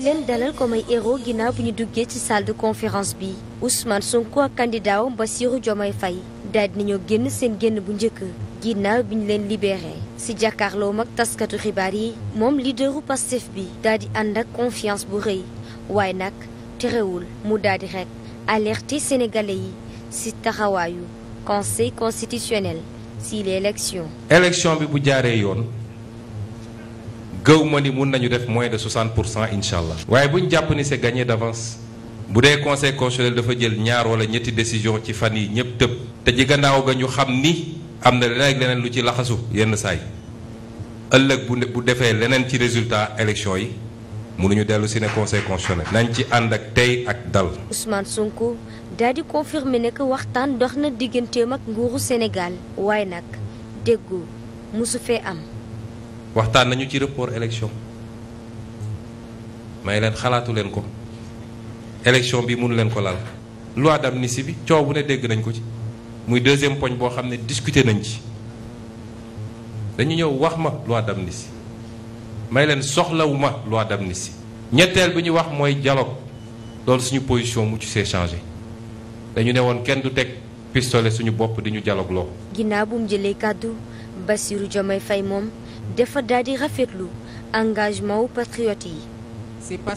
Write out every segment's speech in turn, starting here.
leen dalal ko may héros ginnaaw bi ñu duggee ci salle de conférence bi Ousmane Sonko ak candidat ba Bassirou Diomaye fay daal dinañoo génn seen génn bu njëkk ginnaaw bi ñu leen libéré si jàkkaarloo mag taskatu xibaar yi moom leaderu Pastef bi daal di ànd ak confiance bu rëy waaye nag terewul mu daal di rek alerter sénégalais yi si taxawaayu conseil constitutionnel si l'élection élection bi bu jaaree yoon. gëw ma ni mun nañu def moins de 60 pour cent incha allah. waaye bu ñu jàpp ni c'est gagné d'avance bu dee conseil constitutionnel dafa jël ñaar wala ñetti décision ci fan yi ñëpp tëb te ci gannaaw ga ñu xam ni am na leneen ak leneen lu ci laxasu yenn saay ëllëg bu ne bu defee leneen ci résultat élection yi mënuñu dellu si ne conseil constitutionnel. nañ ci ànd ak tey ak dal. Ousmane Sonko daal di confirmer ne que waxtaan dox na digganteem ak nguuru Sénégal waaye nag déggoo musu fee am. waxtaan nañu ci report élection may leen xalaatu leen ko élection bi mënu leen ko laal loi nissi bi coow bu ne dégg nañ ko ci muy deuxième poñ boo xam ne discuter nañ ci dañu ñëw wax ma loi d'amnistie may leen soxlawu ma loi d'amnistie ñetteel bi ñu wax mooy dialogue loolu suñu position mu ci see changé dañu ne woon kenn du teg pistolet suñu bopp di ñu dialogue loo. ginnaaw bu jëlee kàddu Bassirou Diomaye Faye moom. dafa daal di rafetlu engagement wu patriote yi.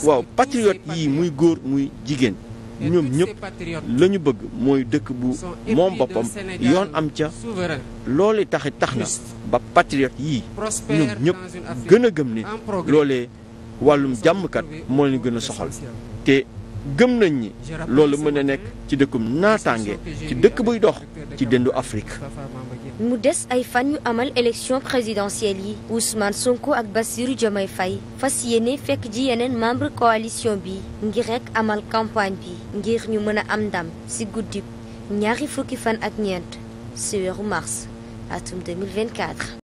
waaw patriote yi muy góor muy jigéen ñoom ñëpp la ñu bëgg mooy dëkk bu moom boppam yoon am ca loolee taxi tax na ba patriote yii ñoom ñëpp gën a gëm ne loolee wàllum jàmmkat moo leen gën a soxal te gëm nañ ni loolu mën a nekk ci dëkkum naataange ci dëkk buy dox ci dëndu Afrique. mu des ay fan yu amal élection présidentielle yi Ousmane Sonko ak Bassirou Diomaye fay fas yéene fekk ji yeneen membre coalition bi ngir rek amal campagne bi ngir ñu mën a am ndam si guddi ñaari fukki fan ak ñeent si weeru mars atum 2024.